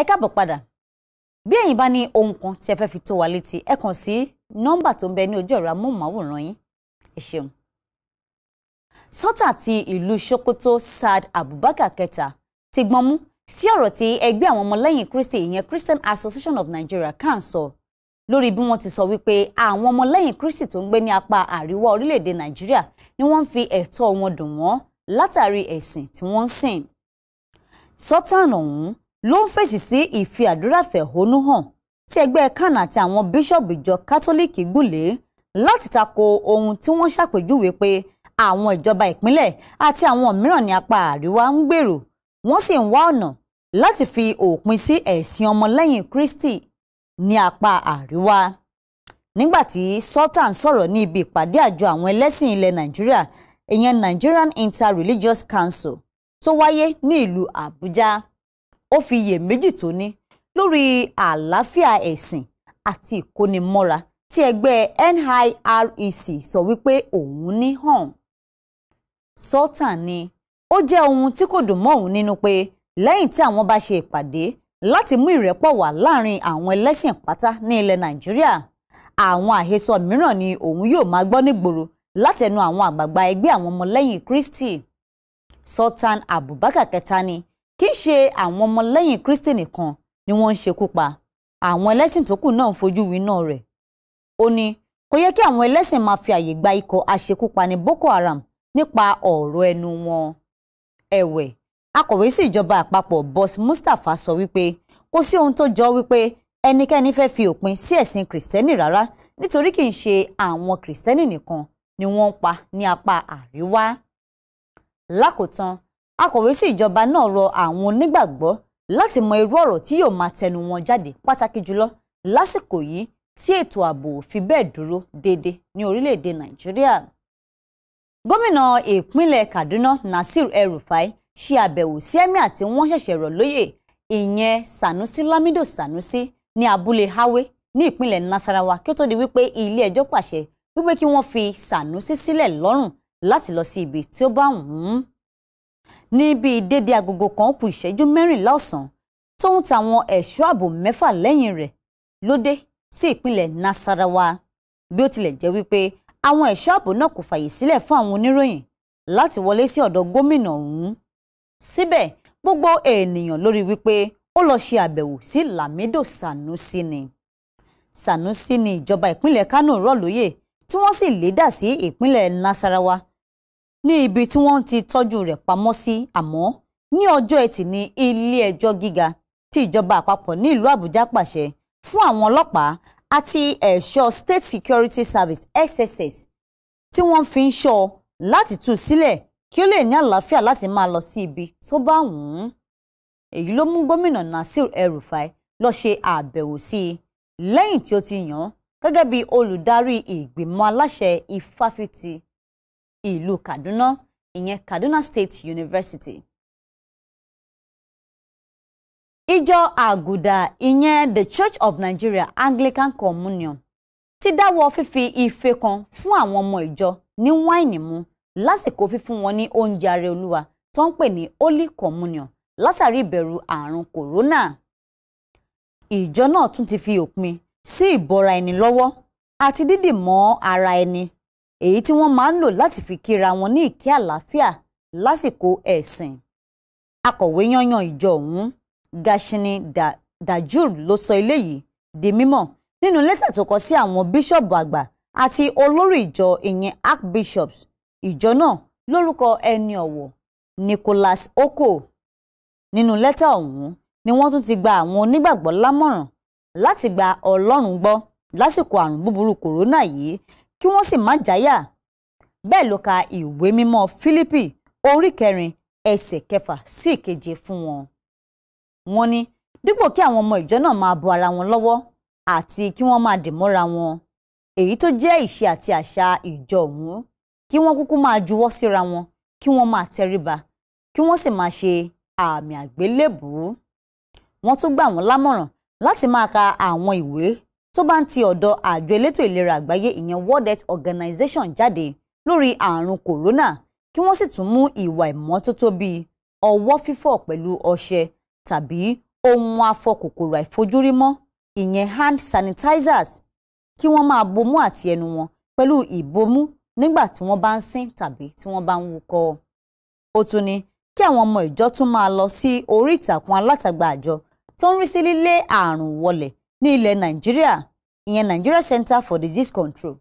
ẹ káàbọ̀ padà bí ẹ̀yin bá ní ohun kan tí ẹ fẹ́ fi tó wa létí ẹ kàn sí nọ́mbà tó ń bẹ ní ojú ẹ̀rọ amóhùnmáwòrán yín ẹ ṣeun. sọ́tà ti ìlú Sokoto Saad Abubakar kẹta ti gbọ́n sí ọ̀rọ̀ tí ẹgbẹ́ àwọn ọmọlẹ́yìn Kristi ìyẹn Christian Association of Nigeria kan sọ lórí bí wọ́n ti sọ wípé àwọn ọmọlẹ́yìn Kristi tó ń gbé ní apá àríwá orílẹ̀-èdè Nàìjíríà ni wọ́n ń fi ẹ̀tọ́ wọn dùn wọ́n látàrí ẹ̀sìn tí wọ́n sìn. sọ́tàn ọ̀hún ló ń fèsì sí ìfi àdúrà fẹ̀hónú hàn tí ẹgbẹ́ kan àti àwọn bíṣọ̀bù ìjọ kátólíìkì gùnlé láti tako ohun tí wọ́n ṣàpèjúwe pé àwọn ìjọba ìpínlẹ̀ àti àwọn mìíràn ní apá àríwá ń gbèrò wọ́n sì ń wá ọ̀nà láti fi òpin sí ẹ̀sìn ọmọlẹ́yìn Kristi ní apá àríwá nígbà tí Sultan sọ̀rọ̀ ní ibi ìpàdé àjọ àwọn ẹlẹ́sìn ilẹ̀ Nàìjíríà ìyẹn Nigerian Inter-Religious Council tó wáyé ní ìlú Àbújá ó fi iyèméjì tó ní lórí àlàáfíà ẹ̀sìn àti ìkónimọ́ra tí ẹgbẹ́ NIREC sọ wípé òun ní hàn. Sultan ni ó jẹ́ ohun tí kò dùn mọ́ òun nínú pé lẹ́yìn tí àwọn bá ṣe ìpàdé láti mú ìrẹ́pọ̀ wà láàrin àwọn ẹlẹ́sìn pátá ní ilẹ̀ Nàìjíríà àwọn àhesọ mìíràn ni òun yóò máa gbọ́ nígboro látẹnu àwọn àgbààgbà ẹgbẹ́ àwọn ọmọlẹ́yìn Kristi Sultan Abubakar kẹta ni kì í ṣe àwọn ọmọlẹ́yìn Kristi nìkan ni wọ́n ń ṣekú pa àwọn ẹlẹ́sìn tó kù náà ń fojú winá rẹ̀ ó ní kò yẹ kí àwọn ẹlẹ́sìn máa fi àyè gba ikọ̀ aṣekúpani Boko Haram nípa ọ̀rọ̀ ẹnu wọn ẹ̀wẹ̀ akọ̀wé sí ìjọba àpapọ̀ Boss Mustapha sọ wípé kò sí ohun tó jọ wípé ẹnikẹ́ni fẹ́ fi òpin sí ẹ̀sìn kìrìsìtẹ́nì rárá nítorí kì í ṣe àwọn kìrìsìtẹ́nì nìkan ni wọ́n ń pa ní apá àríwá lákòótán akọ̀wé sí ìjọba náà rọ àwọn onígbàgbọ́ láti mọ irú ọ̀rọ̀ tí yóò máa tẹnu wọn jáde pàtàkì jùlọ lásìkò yìí tí ètò ààbò ò fi bẹ́ẹ̀ dúró déédé ní orílẹ̀-èdè nàìjíríà. gómìnà ìpínlẹ̀ kaduna nasir el-rufai ṣe àbẹ̀wò sí emir tí wọ́n ṣẹ̀ṣẹ̀ rọ̀ lóyè ìyẹn sanusi lamido sanusi ní abúlé hawe ní ìpínlẹ̀ nasarawa kí ó tó di wípé ilé ẹjọ́ pàṣẹ wípé kí wọ́n fi sanusi sílẹ̀ lọ́rùn láti lọ sí ibi tí ó bá wù ú ní bíi dédé agogo kan kù ìṣẹ́jú mẹ́rìnlá ọ̀sán tóun táwọn ẹ̀ṣọ́ ààbò mẹ́fà lẹ́yìn rẹ̀ ló dé sí ìpínlẹ̀ Nasarawa bí ó tilẹ̀ jẹ́ wípé àwọn ẹ̀ṣọ́ ààbò náà kò fàyè sílẹ̀ fún àwọn oníròyìn láti wọlé sí ọ̀dọ̀ gómìnà ọ̀hún síbẹ̀ gbogbo ènìyàn lórí wípé ó lọ ṣe àbẹ̀wò sí Lamido Sanusi ni Sanusi ni ìjọba ìpínlẹ̀ Kánò rọ̀ lóyè tí wọ́n sì lédà sí ìpínlẹ̀ Nasarawa ní ibi tí wọ́n ti tọ́jú rẹ̀ pamọ́ sí àmọ́ ní ọjọ́ ẹtì ní ilé ẹjọ́ gíga tí ìjọba àpapọ̀ ní ìlú Àbújá pàṣẹ fún àwọn ọlọ́pàá àti ẹ̀ṣọ́ State Security Service SSS tí wọ́n fi ń ṣọ́ láti tú sílẹ̀ kí ó lè ní àlàáfíà láti máa lọ sí ibi tó bá wù ú èyí ló mú gómìnà Nasir El-Rufai lọ ṣe àbẹ̀wò sí i lẹ́yìn tí ó ti yàn án gẹ́gẹ́ bí olùdarí ìgbìmọ̀ aláṣẹ ìfáfitì ìlú Kaduna ìyẹn Kaduna State University. Ìjọ Àgùdà ìyẹn The Church of Nigeria Anglican Communion ti dáwọ́ fífi ife kan fún àwọn ọmọ ìjọ ní wáìnì mu lásìkò fífún wọn ní oúnjẹ arẹ olúwa tó ń pè ní Holy Communion látàrí ìbẹ̀rù àrùn corona. Ìjọ náà tún ti fi òpin sí ìbọra ẹni lọ́wọ́ àti dídì mọ́ ara ẹni èyí tí wọ́n máa ń lò láti fi kíra wọn ní ìkí àlàáfíà lásìkò ẹ̀sìn akọ̀wé yanyan ìjọ ọ̀hún Gashini Dajur ló sọ eléyìí di mímọ̀ nínú lẹ́tà tó kọ sí àwọn bíṣọ̀bù àgbà àti olórí ìjọ ìyẹn archbishops ìjọ náà lórúkọ ẹni ọ̀wọ̀ Nicholas Oko nínú lẹ́tà ọ̀hún ni wọ́n tún ti gba àwọn onígbàgbọ́ lámọ̀ràn láti gba Ọlọ́run gbọ́ lásìkò àrùn búburú kòrónà yìí kí wọ́n sì má jáyà bẹ́ẹ̀ ló ka ìwé mímọ́ Fílípì orí kẹrin ẹsẹ̀ kẹfà sí ìkeje fún wọn. wọ́n ní dípò kí àwọn ọmọ ìjọ náà máa bọ ara wọn lọ́wọ́ àti kí wọ́n máa dè mọ́ra wọn èyí tó jẹ́ ìṣe àti àṣà ìjọ ọ̀hún kí wọ́n kúkú máa juwọ́ síra wọn kí wọ́n máa tẹríba kí wọ́n sì máa ṣe àmì àgbélébùú. wọ́n tún gbà wọ́n lámọ̀ràn láti máa ka àwọn ìwé tó bá ń ti ọ̀dọ̀ àjọ elétò ìlera àgbáyé ìyẹn World Health Organization jáde lórí àrùn kòrónà kí wọ́n sì tún mú ìwà ìmọ́tótó bíi ọwọ́ fífọ̀ pẹ̀lú ọṣẹ tàbí ohun afọkòkòrò àìfojúrí mọ́ ìyẹn hand sanitizers kí wọ́n máa bomú àti ẹnu wọn pẹ̀lú ìbomú nígbà tí wọ́n bá ń sín tàbí tí wọ́n bá ń wúkọ́ ó tún ní kí àwọn ọmọ ìjọ tún máa lọ sí orí ìtàkùn alátagbà àjọ tó ń rí sí lílé àrùn wọlẹ̀ ní ilẹ̀ nàìjíríà ìyẹn nigeria center for disease control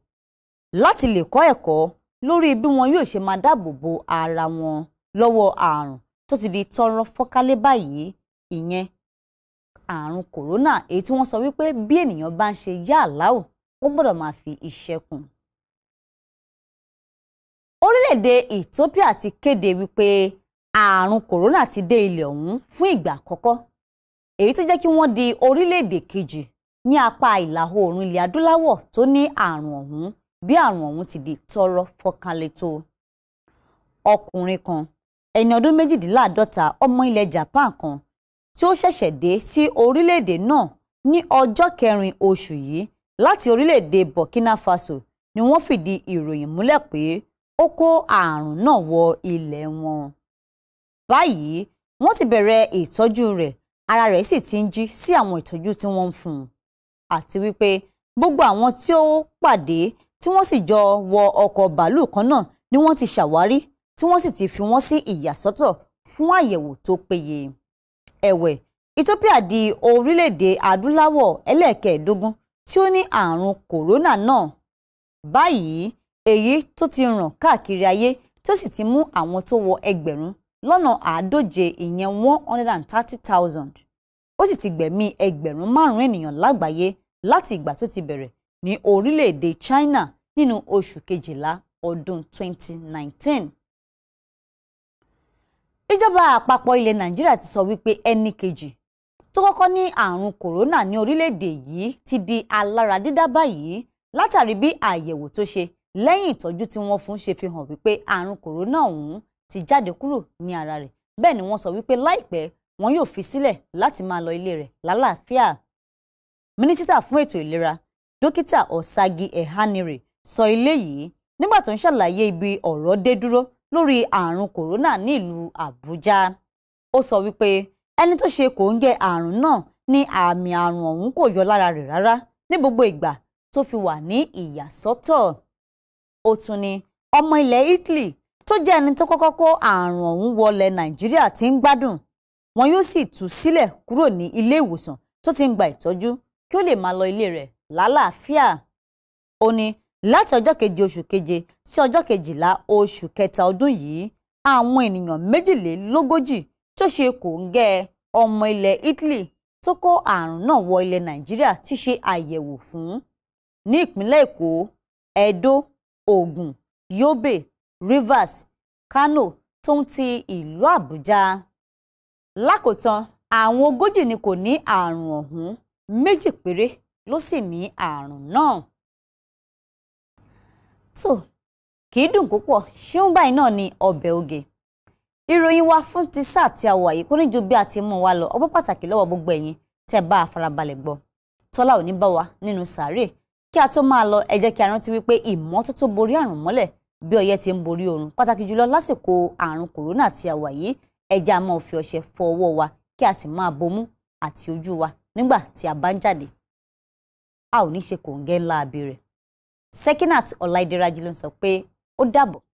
láti lè kọ́ ẹ̀kọ́ lórí bí wọn yóò ṣe máa dáàbò bo ara wọn lọ́wọ́ àrùn tó ti di tọ́rọ́ fọ́nkálé báyìí ìyẹn àrùn kòrónà èyí tí wọ́n sọ wípé bí ènìyàn bá ń ṣe yá àláwò ó gbọ́dọ̀ máa fi iṣẹ́ kún. orílẹ̀-èdè Ethiopia ti kéde wípé àrùn kòrónà ti dé ilẹ̀ ọ̀hún fún ìgbà àkọ́kọ́ èyí tó jẹ́ kí wọ́n di orílẹ̀-èdè kejì ní apá ìlà oòrùn ilẹ̀ adúláwọ̀ tó ní àrùn ọ̀hún bí àrùn ọ̀hún ti di tọ́rọ́ fọ́kànlé tó. ọkùnrin kan ẹni ọdún méjìdínláàádọ́ta ọmọ ilẹ̀ Japan kan tí ó ṣẹ̀ṣẹ̀ dé sí orílẹ̀-èdè náà ní ọjọ́ kẹrin oṣù yìí láti orílẹ̀-èdè Burkina Faso ni wọ́n fìdí ìròyìn múlẹ̀ pé ó kó àrùn náà wọ ilẹ̀ wọn. báyìí wọ́n ti bẹ̀rẹ̀ ìtọ́jú rẹ̀ ara rẹ̀ sì ti ń jí sí àwọn ìtọ́jú tí wọ́n ń fún un àti wípé gbogbo àwọn tí ó pàdé tí wọ́n sì jọ wọ ọkọ̀ bàálù kan náà ni wọ́n ti ṣàwárí tí wọ́n sì ti fi wọ́n sí ìyàsọ́tọ̀ fún àyẹ̀wò tó péye ẹ̀wẹ̀ Ethiopia di orílẹ̀-èdè adúláwọ̀ ẹlẹ́ẹ̀kẹ́ẹ̀dógún tí ó ní àrùn kòrónà náà báyìí èyí tó ti ràn káàkiri ayé tó sì ti mú àwọn tó wọ ẹgbẹ̀rún lọ́nà àádóje ìyẹn one hundred and thirty thousand ó sì ti gbẹ̀mí ẹgbẹ̀rún márùn-ún ènìyàn lágbàáyé láti ìgbà tó ti bẹ̀rẹ̀ ní orílẹ̀-èdè China nínú oṣù kejìlá ọdún 2019. ìjọba àpapọ̀ ilẹ̀ Nàìjíríà ti sọ wípé ẹnì kejì tó kọ́kọ́ ní àrùn kòrónà ní orílẹ̀-èdè yìí ti di alára dídá báyìí látàrí bí àyẹ̀wò tó ṣe lẹ́yìn ìtọ́jú tí wọ́n fún ṣe fi hàn wípé àrùn kòrónà ọ̀hún ti jáde kúrò ní ara rẹ̀ bẹ́ẹ̀ ni wọ́n sọ wípé láìpẹ́ wọn yóò fi sílẹ̀ láti máa lọ ilé rẹ̀ lálàáfíà. mínísítà fún ètò ìlera dókítà ọ̀sagi ẹ̀hánirè sọ eléyìí nígbà tó ń ṣàlàyé ibi ọ̀rọ̀ dé dúró lórí àrùn kòrónà ní ìlú àbújá ó sọ wípé ẹni tó ṣe kòńgẹ́ àrùn náà ní àmì àrùn ọ̀hún kò yọ lára rẹ̀ rárá ní gbogbo ìgbà tó fi wà ní ìyàsọ́tọ̀ ó tún ní ọmọ ilẹ̀ italy tó jẹ́ ẹni tó kọ́kọ́ kó àrùn ọ̀hún wọlẹ̀ nàìjíríà ti ń gbádùn wọn yóò sì tú sílẹ̀ kúrò ní ilé ìwòsàn tó ti ń gba ìtọ́jú kí ó lè máa lọ ilé rẹ̀ lálàáfíà ó ní láti ọjọ́ keje oṣù keje sí ọjọ́ kejìlá oṣù kẹta ọdún yìí àwọn ènìyàn méjìlélógójì tó ṣe kòńgẹ́ ọmọ ilẹ̀ Italy tó kó àrùn náà wọ ilẹ̀ nàìjíríà ti ṣe àyẹ̀wò fún ní ìpínlẹ̀ èkó edo ògùn yobe Rivers Kano tó ń ti ìlú Àbújá. Lákòótán àwọn ogójì ni kò ní àrùn ọ̀hún méjì péré ló sì ní àrùn náà. tó kì í dùn púpọ̀ ṣéun báyìí náà ni ọbẹ̀ oge ìròyìn wa fún ti sáà tí a wà yìí kò ní ju bí a ti mú wa lọ ọpẹ́ pàtàkì lọ́wọ́ gbogbo ẹ̀yin tẹ́ bá a farabalẹ̀ gbọ́ tọ́lá ò ní bá wa nínú sàárè kí a tó máa lọ ẹ jẹ́ kí a rántí wípé ìmọ́tótó borí àrùn mọ́lẹ̀ bí ọyẹ́ ti ń borí oorun pàtàkì jùlọ lásìkò àrùn kòrónà tí a yìí ẹja máa fi ọṣẹ fọ ọwọ́ wa kí a sì máa bomú àti ojú wa nígbà tí a bá ń jáde a ò ní ṣe kòǹgẹ́ ńlá abẹ́rẹ́ Sekinat Ọláìdé ló sọ pé ó dàbọ̀